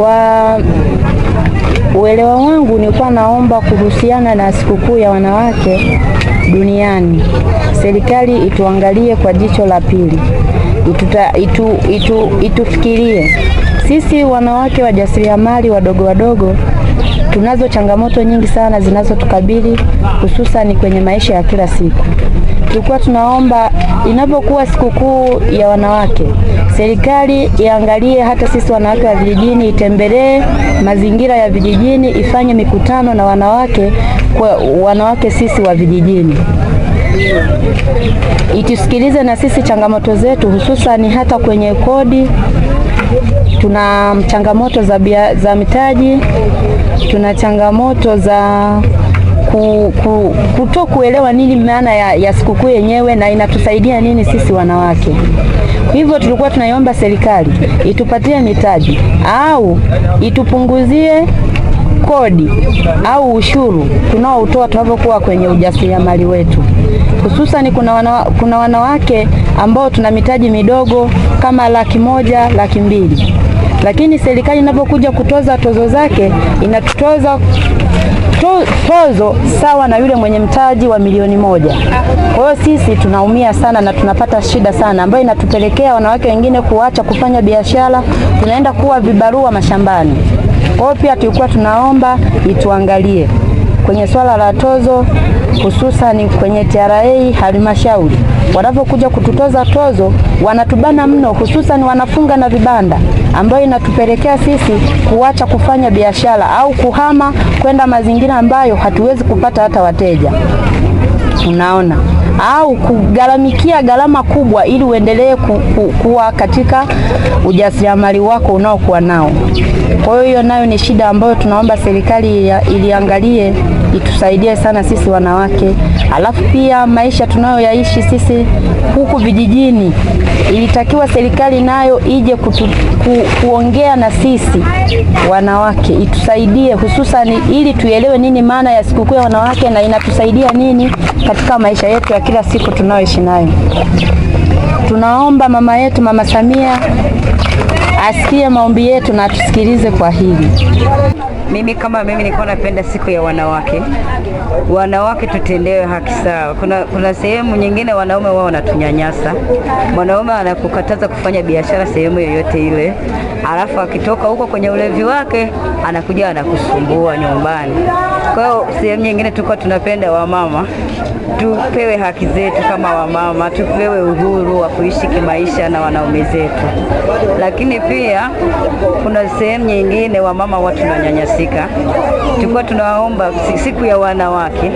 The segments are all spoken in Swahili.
Kwa uelewa wangu nilikuwa naomba kuhusiana na sikukuu ya wanawake duniani, serikali ituangalie kwa jicho la pili, ituta, itu, itu, itufikirie sisi wanawake wajasiriamali wadogo wadogo Tunazo changamoto nyingi sana zinazotukabili hususani kwenye maisha ya kila siku. Tulikuwa tunaomba inapokuwa sikukuu ya wanawake, serikali iangalie hata sisi wanawake wa vijijini, itembelee mazingira ya vijijini, ifanye mikutano na wanawake kwa wanawake sisi wa vijijini itusikilize na sisi changamoto zetu, hususani hata kwenye kodi tuna changamoto za, bia, za mitaji, tuna changamoto za ku, ku, kuto kuelewa nini maana ya, ya sikukuu yenyewe na inatusaidia nini sisi wanawake. Hivyo tulikuwa tunaiomba serikali itupatie mitaji au itupunguzie kodi au ushuru tunaoutoa tunapokuwa kwenye ujasiriamali wetu, hususani kuna, wana, kuna wanawake ambao tuna mitaji midogo kama laki moja, laki mbili lakini serikali inapokuja kutoza tozo zake inatutoza to, tozo sawa na yule mwenye mtaji wa milioni moja. Kwa hiyo sisi tunaumia sana na tunapata shida sana, ambayo inatupelekea wanawake wengine kuacha kufanya biashara, tunaenda kuwa vibarua mashambani. Kwa hiyo pia tulikuwa tunaomba ituangalie kwenye swala la tozo hususani kwenye TRA halmashauri wanapokuja kututoza tozo wanatubana mno, hususani wanafunga na vibanda, ambayo inatupelekea sisi kuacha kufanya biashara au kuhama kwenda mazingira ambayo hatuwezi kupata hata wateja, unaona, au kugharamikia gharama kubwa ili uendelee ku, ku, kuwa katika ujasiriamali wako unaokuwa nao. Kwa hiyo hiyo nayo ni shida ambayo tunaomba serikali iliangalie itusaidie sana sisi wanawake. Alafu pia maisha tunayoyaishi sisi huku vijijini, ilitakiwa serikali nayo ije kutu, ku, kuongea na sisi wanawake, itusaidie hususani ili tuelewe nini maana ya sikukuu ya wanawake na inatusaidia nini katika maisha yetu ya kila siku tunayoishi nayo. Tunaomba mama yetu Mama Samia asikie maombi yetu na atusikilize kwa hili. Mimi kama mimi nilikuwa napenda siku ya wanawake wanawake, tutendewe haki sawa. Kuna, kuna sehemu nyingine wanaume wao wanatunyanyasa. Mwanaume anakukataza kufanya biashara sehemu yoyote ile, alafu akitoka huko kwenye ulevi wake anakuja anakusumbua nyumbani. Kwa hiyo sehemu nyingine tuko tunapenda wamama tupewe haki zetu kama wamama, tupewe uhuru wa kuishi kimaisha na wanaume zetu. Lakini pia kuna sehemu nyingine wamama watu tunanyanyasika, tulikuwa tunaomba sisi siku ya wanawake,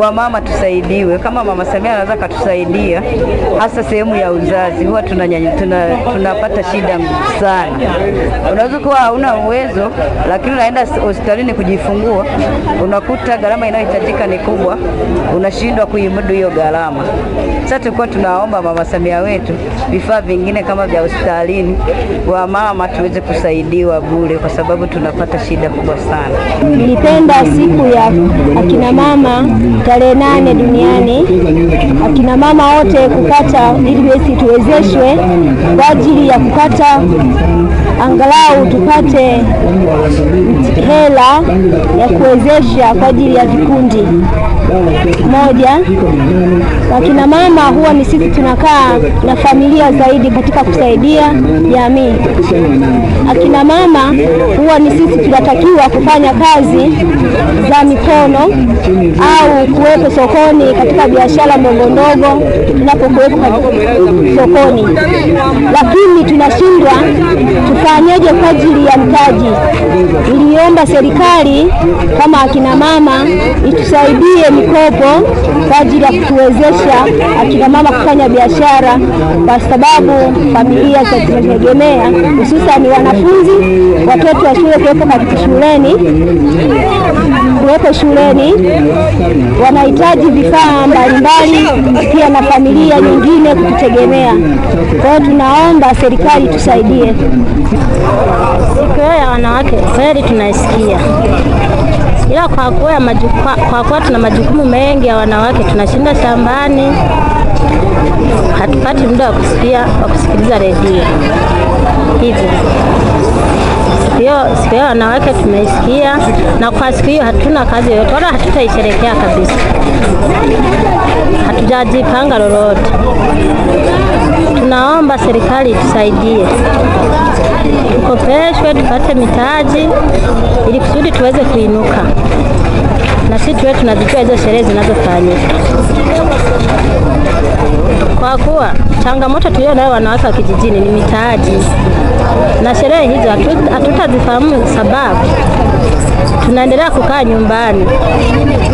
wamama tusaidiwe. Kama Mama Samia anaweza katusaidia, hasa sehemu ya uzazi, huwa tunapata tuna, tuna shida sana. Unaweza kuwa hauna uwezo, lakini unaenda hospitalini kujifungua, unakuta gharama inayohitajika ni kubwa, unashindwa kuimudu hiyo gharama. Sasa tulikuwa tunaomba Mama Samia wetu vifaa vingine kama vya hospitalini, mama tuweze kusaidiwa bure, kwa sababu tunapata shida kubwa sana. Nilipenda siku ya akina mama tarehe nane duniani, akina mama wote kupata ili basi tuwezeshwe kwa ajili ya kupata angalau tupate hela ya kuwezesha kwa ajili ya vikundi moja. Wakina mama huwa ni sisi tunakaa na familia zaidi katika kusaidia jamii. Akina mama huwa ni sisi tunatakiwa kufanya kazi za mikono au kuwepo sokoni katika biashara ndogo ndogo tunapokuwepo sokoni, lakini tunashindwa tufanyeje kwa ajili ya mtaji. Niliomba serikali kama akina mama itusaidie mikopo kwa ajili ya kutuwezesha akina mama kufanya biashara, kwa sababu familia zinategemea, hususani wanafunzi, watoto wa shule kuwepo katika shuleni kuwepo shuleni wanahitaji vifaa mbalimbali, pia na familia nyingine kututegemea. Kwa hiyo tunaomba serikali tusaidie. Siku ya wanawake kweli tunaisikia ila kwa kuwa kwa kuwa tuna majukumu mengi ya wanawake, tunashinda shambani, hatupati muda wa kusikia wa kusikiliza redio hivyo siku ya wanawake tumeisikia, na kwa siku hiyo hatuna kazi yoyote wala hatutaisherekea kabisa, hatujajipanga lolote. Tunaomba serikali tusaidie, tukopeshwe, tupate mitaji ili kusudi tuweze kuinuka na sisi tuwe tunazijua hizo sherehe zinazofanyika kwa kuwa changamoto tulio nayo wanawake wa kijijini ni mitaji na sherehe hizo hatutazifahamu, sababu tunaendelea kukaa nyumbani,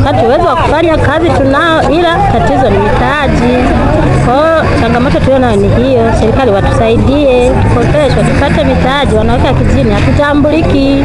kati uwezo wa kufanya kazi tunao, ila tatizo ni mitaji Kwa hiyo changamoto tulio nayo ni hiyo. Serikali watusaidie, tukopeshwe, tupate mitaji Wanawake wa kijijini hatutambuliki.